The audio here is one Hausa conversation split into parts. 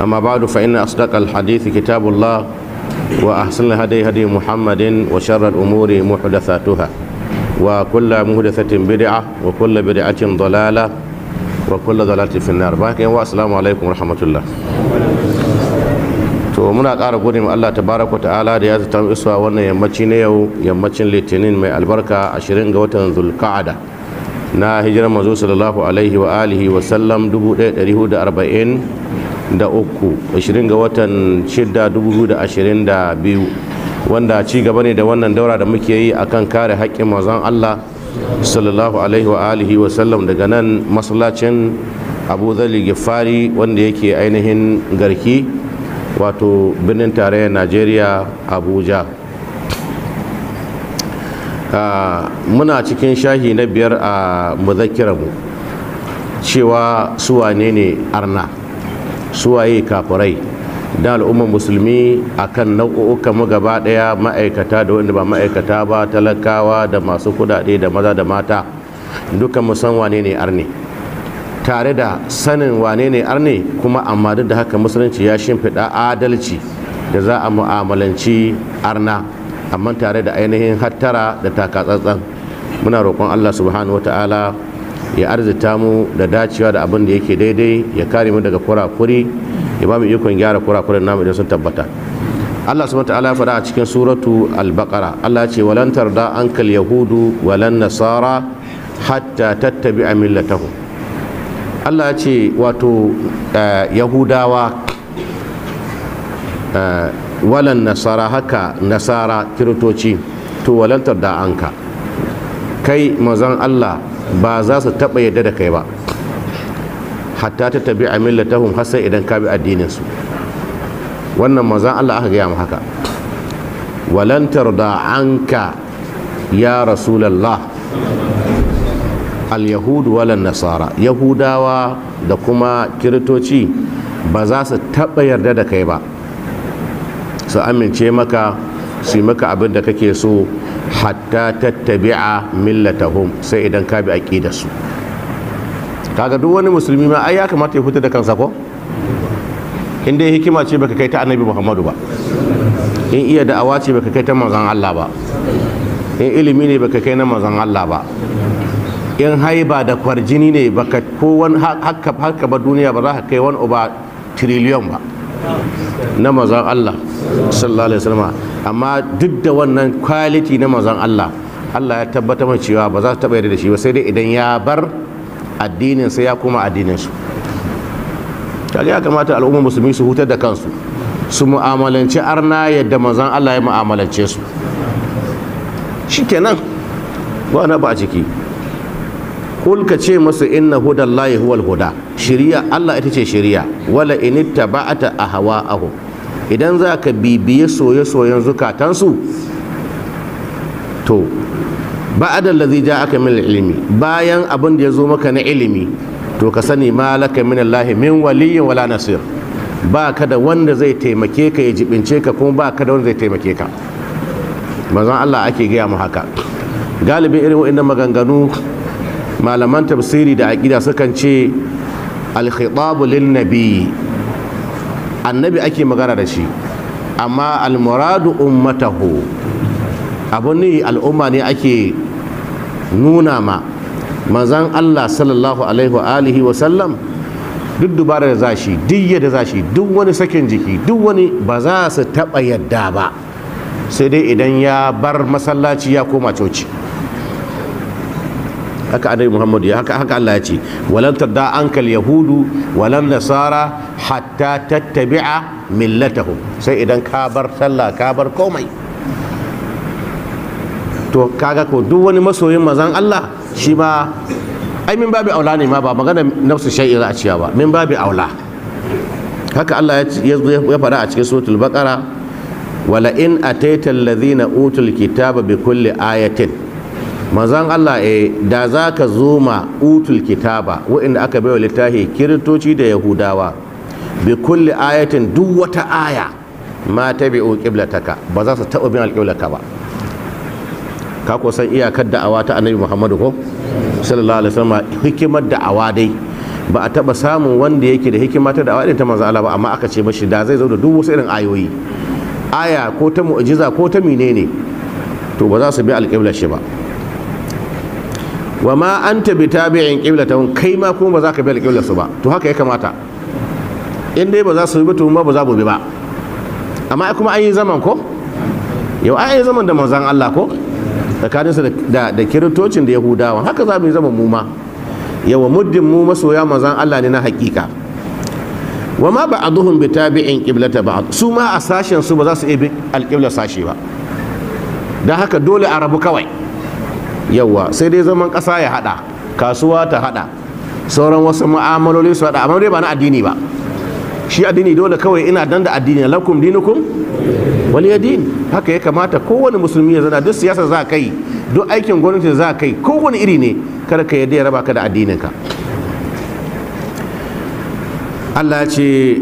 أما بعد فإن أصدق الحديث كتاب الله وأحسن الهدي هدي محمد وشر الأمور محدثاتها وكل محدثة بدعة وكل بدعة ضلالة وكل ضلالة في النار باكين والسلام عليكم ورحمة الله to muna ƙara gode ma Allah tabaraka ta'ala da ya zata isuwa wannan yammaci na yau yammacin litinin mai albarka 20 ga watan zulqa'ada na hijirar manzo sallallahu alaihi wa alihi wa sallam 1440 da uku 20 ga watan 6 wanda ci gaba ne da wannan daura da muke yi akan kare haƙƙin mazan Allah sallallahu alaihi wa alihi wa sallam daga nan masallacin abu zali gifari wanda yake ainihin garki wato birnin tarayyar najeriya abuja muna cikin shahi na biyar a mu cewa suwane ne arna Su waye kafurai da al'ummar musulmi akan nau'uka mu gaba daya ma'aikata da wanda ba ma'aikata ba talakawa da masu kudade da maza da mata dukkan mu san wane ne arne tare da sanin wane ne arne kuma amma duk da haka musulunci ya shimfiɗa adalci da za a mu'amalanci arna amma tare da ainihin hattara da takatsantsan muna roƙon allah subhanahu wa ta'ala ya arzita mu da dacewa da abin da yake daidai ya kare mu daga kurakuri ya ba mu ikon gyara kurakuren namu idan sun tabbata Allah subhanahu ta'ala faɗa a cikin suratu al-baqara Allah ce walan tarda ankal yahudu walan nasara hatta tattabi'a millatahum Allah ce wato eh, yahudawa eh, walan nasara haka nasara kiritoci to walan tarda anka kai mazan Allah ba za su taɓa yadda da kai ba hatta ta tabi a millatahum har idan ka bi addinin su wannan mazan Allah aka gaya mu haka walan tarda anka ya rasulallah al-yahudu walan nasara yahudawa da kuma kiritoci ba za su taɓa yarda da kai ba su amince maka su yi maka abin da kake so hatta tattabi'a millatahum sai idan ka bi aqida su kaga duk wani musulmi ma ai ya kamata ya fita da kansa ko in dai hikima ce baka kai ta annabi muhammadu ba in iya da'awa ce baka kai ta manzon Allah ba in ilimi ne baka kai na manzon Allah ba in haiba da kwarjini ne baka ko wani haka ba duniya ba za ka kai wani uba tiriliyon ba na mazan Allah sallallahu alaihi wasallam amma duk da wannan quality na mazan Allah Allah ya tabbatar mai cewa ba za su taɓa yarda da shi ba sai dai idan ya bar addinin ya koma addininsu. su kaga ya kamata al'ummar musulmi su hutar da kansu su mu'amalance arna yadda mazan Allah ya mu'amalance su shikenan ba na ba a ciki kul ka ce masu inna hudallahi huwal huda shiriya Allah ita ce shiriya wala initta ba'ata ahu idan za ka bibiye soye-soyen zukatansu to ba'ada ja aka min ilimi bayan abin da ya zo maka na ilimi to ka sani malaka min Allah min waliyin wala nasir ba ka da wanda zai taimake ka ya jibince ka kuma ba ka da wanda zai taimake ka manzon Allah ake gaya mu haka galibin irin wa'annan maganganu malaman tafsiri da aƙida sukan ce alkhitabu lin nabi annabi ake magana da shi amma almuradu ummatahu abu ne al'umma ne ake nuna ma manzan Allah sallallahu alaihi wa alihi wa sallam duk dubara da zashi duk yadda zashi duk wani sakin jiki duk wani ba za su taɓa yadda ba sai dai idan ya bar masallaci ya koma coci haka annabi muhammad ya haka haka Allah ya ce walan tadda ankal yahudu walan nasara hatta tattabi'a millatahu sai idan ka bar sallah ka bar komai to kaga ko duk wani masoyin mazan Allah shi ma ai min babi aula ne ma ba magana nafsu shay'i za a ciya ba min babi aula haka Allah ya ya faɗa a cikin suratul baqara wala in ataita alladhina utul kitaba bi kulli ayatin manzan Allah e da za ka zo ma utul kitaba waɗanda aka baiwa littafi kiristoci da yahudawa bi kulli ayatin duk wata aya ma tabi'u qiblataka ba za su taɓa bin alƙiblaka ba ka ko san iyakar awa ta annabi Muhammadu ko sallallahu alaihi wasallam hikimar da awa dai ba a taɓa samun wanda yake da hikima ta da'awa irin ta manzan Allah ba amma aka ce mashi da zai zo da duk wasu irin ayoyi aya ko ta mu'jiza ko ta menene to ba za su bi alƙiblar shi ba wa ma anta bi tabi'in qiblatahum kai ma kuma ba za ka bi alqiblar su ba to haka ya kamata in dai ba za su bi to ma ba za mu bi ba amma kuma an yi zaman ko yau an yi zaman da manzan Allah ko tsakaninsa da da kiristocin da yahudawa haka za mu yi zaman mu ma yawa muddin mu masoya manzan Allah ne na hakika wa ma duhun bi tabi'in qiblata ba su ma a sashen su ba za su iya bi alqiblar sashi ba da haka dole a rabu kawai yawa sai dai zaman kasa ya haɗa kasuwa ta haɗa sauran wasu ma'amaloli su haɗa amma dai ba na addini ba shi addini dole kawai ina dan da addini lakum dinukum waliya haka ya kamata kowane musulmi ya zana duk siyasa za kai duk aikin gwamnati za kai kowane iri ne kada ka yadda ya raba ka da addininka Allah ce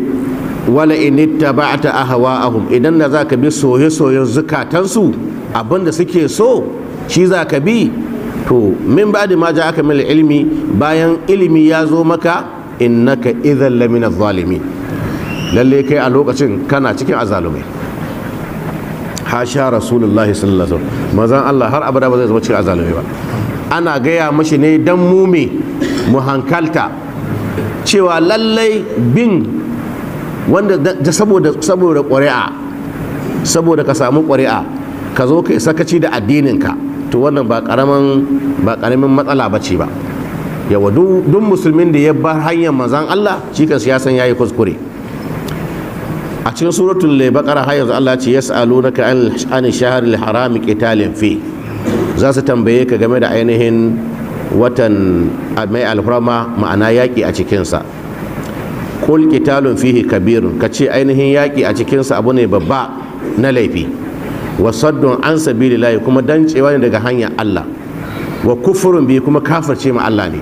wala in ittaba'ta ahwa'ahum idan za zaka bi soye-soyen zukatansu abinda suke so shi za ka bi to min ba da ma ja aka mil ilimi bayan ilimi ya zo maka innaka idan lamina zalimi lalle kai a lokacin kana cikin azalumai hasha rasulullahi sallallahu alaihi wasallam mazan Allah har abada ba zai zama cikin azalumai ba ana gaya mashi ne dan mume mu hankalta cewa lallai bin wanda saboda saboda ƙuri'a saboda ka samu ƙuri'a ka zo kai sakaci da addininka to wannan ba karamin ba karamin matsala ba ce ba yawa duk musulmin da ya bar hanyar mazan Allah shi siyasan ya san yayi kuskure a cikin suratul baqara har yanzu Allah ce yas'alunaka an shahril haram qitalin fi za su tambaye ka game da ainihin watan mai alfarma ma'ana yaƙi a cikinsa kul qitalun fihi kabirun ka ce ainihin yaƙi a cikinsa abu ne babba na laifi wa saddun an layi kuma dancewa ne daga hanyar Allah wa kufurin bi kuma kafarce ma Allah ne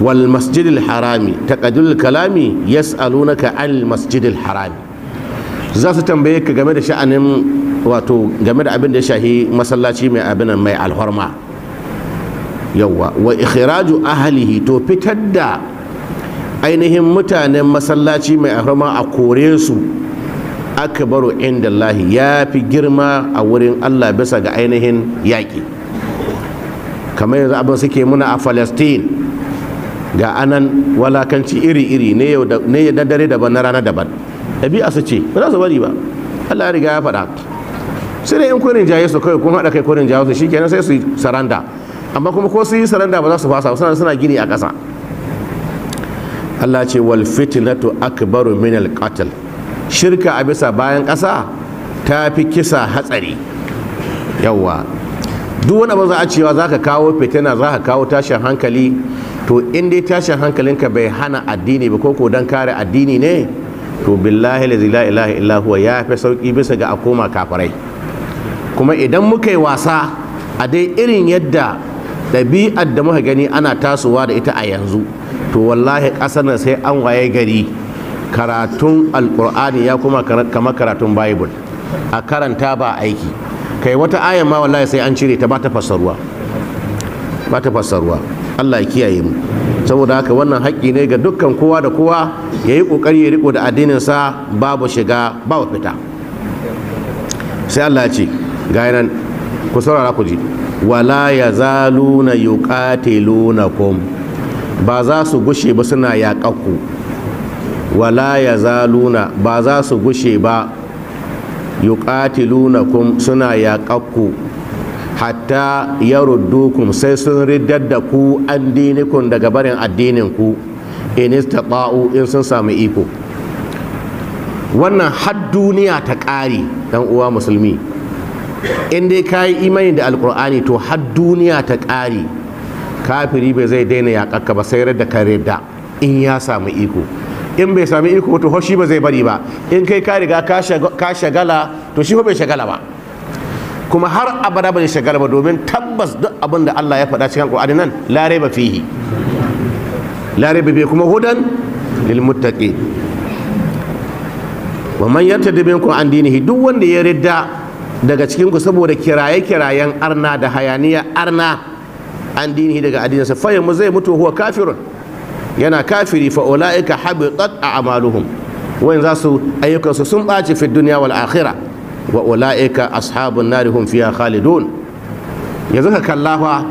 wal masjidil harami taqadul kalami yas'alunaka al masjidil harami za su tambaye ka game da sha'anin wato game da abin da ya shahi masallaci mai abin mai alhorma yawa wa ikhraju ahlihi to fitar da ainihin mutanen masallaci mai alhorma a kore su akbaru inda Allah ya fi girma a wurin Allah bisa ga ainihin yaƙi kamar yanzu abin suke muna a falastin ga anan walakanci iri-iri ne ya dare daban na rana daban ɗabi'a su ce ba za su bari ba Allah ya riga ya faɗa sai dai in kurin jaye su kawai kun haɗa kai kurin jaye su shikenan sai su saranda amma kuma ko su yi saranda ba za su fasa suna suna gini a ƙasa Allah ce wal fitnatu akbaru min al qatl shirka a bisa bayan ƙasa ta fi kisa hatsari yawa duk wani abu za a cewa za ka kawo fitina za ka kawo tashin hankali to in dai tashin hankalinka bai hana addini ba ko don kare addini ne to billahi la ilaha illa huwa ya fi sauki bisa ga a koma kafirai kuma idan muka yi wasa a dai irin yadda ɗabi'ar da muka gani ana tasowa da ita a yanzu to wallahi ƙasar sai an waye gari karatun alkur'ani ya kuma kama karatun bible a karanta ba aiki kai wata ayan ma wallahi sai an cire ta ba ta fasarwa ba ta fasarwa Allah ya kiyaye mu saboda haka wannan haƙƙi ne ga dukkan kowa da kowa ya yi ƙoƙari ya riko da addininsa babu shiga babu fita sai Allah ya ce ga nan ku saurara ku ji wala ya yuqatilunakum ba za su gushe ba suna yaƙakku wala ya zaluna ba za su gushe ba yuqatilunakum suna yaƙakku hatta yaruddukum sai sun riddar da ku an daga barin addinin ku in istata'u in sun samu iko wannan har duniya ta ƙari dan uwa musulmi in dai ka yi imani da alkur'ani to har duniya ta ƙari kafiri bai zai daina yaƙakka ba sai da ka in ya samu iko in bai sami iko to shi ba zai bari ba in kai ka riga ka shagala to shi bai shagala ba kuma har abada bai shagala ba domin tabbas duk abin da Allah ya faɗa cikin Qur'ani nan la raiba fihi la raiba fihi kuma hudan lil muttaqi wa man yartadi minkum an dinihi duk wanda ya ridda daga cikin ku saboda kiraye-kirayen arna da hayaniya arna an dinihi daga addininsa fa mu zai mutu huwa kafirun yana kafiri fa ulaika habitat a'maluhum wayan za su ayyukansu sun ɓaci fi duniya wal akhirah wa ulaika ashabun narihum hum fiha khalidun yanzu ka kalla fa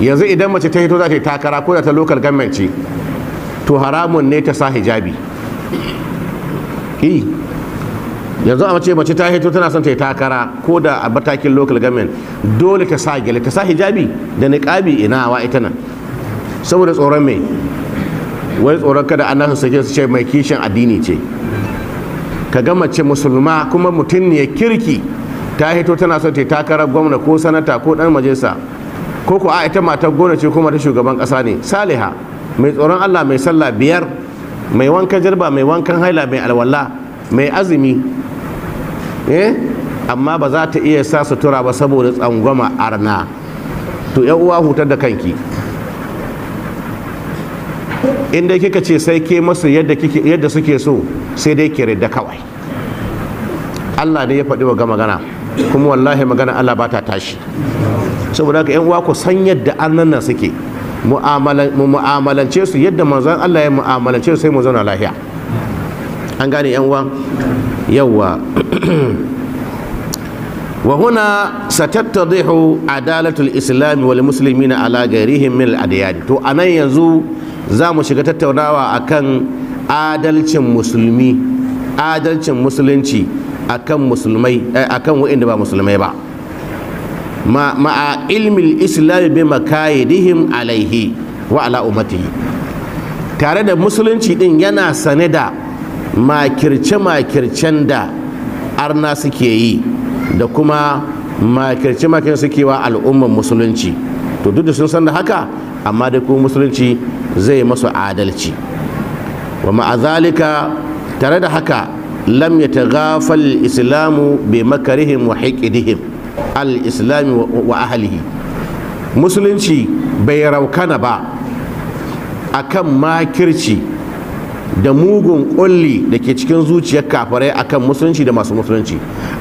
yanzu idan mace ta hito za ta yi takara ko da ta local government ce to haramun ne ta sa hijabi yanzu a mace mace ta hito tana son ta yi takara ko da a matakin local government dole ta sa gyale ta sa hijabi da niqabi ina wa ita nan saboda tsoron mai wai tsoron kada Allah su sake su ce mai kishin addini ce ka ga mace musulma kuma mutum ne kirki ta hito tana son ta takarar gwamna ko sanata ko dan majalisa ko ko a ita matar gona ce kuma ta shugaban kasa ne saliha mai tsoron Allah mai sallah biyar mai wankan jirba mai wankan haila mai alwala mai azumi eh amma ba za ta iya sa sutura ba saboda tsangwama arna to yan uwa hutar da kanki inda kika ce sai ke masu yadda suke so sai dai kere da kawai Allah ne ya faɗi wa magana kuma wallahi magana Allah ba ta tashi saboda ka 'yan uwa ku san yadda annan suke mu'amalance su yadda manzon Allah ya mu'amalance su sai mu zauna lahiya an gane yan uwa yawa wa huna satattadihu adalatul islam wal muslimina ala ghairihim min al to anan yanzu za mu shiga tattaunawa akan adalcin musulmi adalcin musulunci akan musulmai eh, a kan waɗanda ba musulmai ba ma'a ilmin islam bi dihim alaihi wa ala tare da musulunci din yana sane da makirce-makircen da arna suke yi da kuma makirce-makircen suke wa al'umman musulunci to duk da sun san da haka amma da kuma musulunci zai masu adalci wa ma'azalika tare da haka lam ya tagafal islamu bai makarihim wa hikidihim al-islami wa ahalihi musulunci bai raukana ba a kan makirci da mugun ƙulli da ke cikin zuciyar kafirai kan musulunci da masu musulunci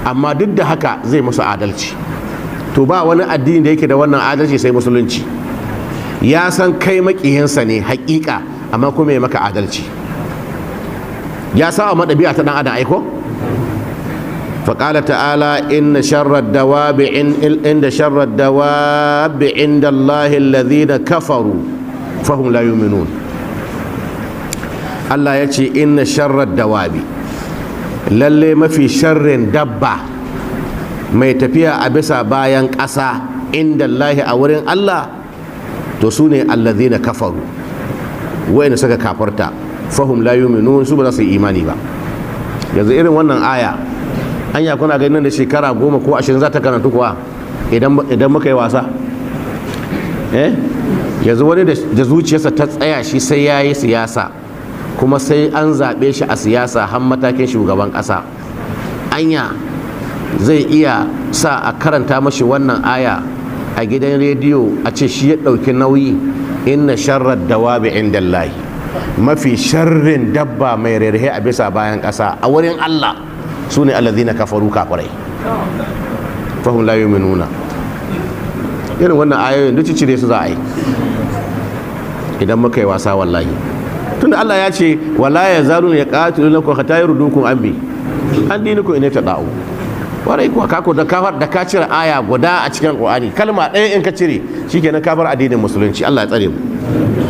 amma duk da haka zai masu adalci to ba wani addini da yake da wannan adalci sai musulunci ya san kai makiyinsa ne haƙiƙa amma kuma ya maka adalci ya sa a maɗabi'a ta ɗan adam aiko faƙala ta'ala inda sharar dawa inda sharar dawa bi inda allahin lazi da kafaru fahim layu minun allah ya ce inda sharar dawa bi lalle mafi sharrin dabba mai tafiya a bisa bayan ƙasa inda allahi a wurin allah to su ne na kafaru na saka kafarta layu mai yu'minun su ba za su yi imani ba yanzu irin wannan aya anya kuna ganin da shekara goma ko ashirin za ta karanta kuwa idan muka yi wasa eh yanzu wani da zuciyarsa ta tsaya shi sai ya yi siyasa kuma sai an zaɓe shi a siyasa har matakin shugaban ƙasa anya zai iya sa a karanta mashi wannan aya a gidan rediyo a ce shi ya ɗauki nauyi inna sharar dawabi inda Allahi mafi sharrin dabba mai rarrahe a bisa bayan ƙasa a wurin Allah su ne allazina kafaru kafirai fahim layu mai nuna irin wannan ayoyin duk cire su za a yi idan muka yi wasa wallahi Tun Allah ya ce wala ya zaru ya ƙatilu ta kwa hatayar ambi an dini ko ina ta ɗa'u? warai kuwa kako da kafar da ka cire aya guda a cikin ƙwa'ani kalma ɗaya in ka cire shi na kafar addinin musulunci Allah ya tsare mu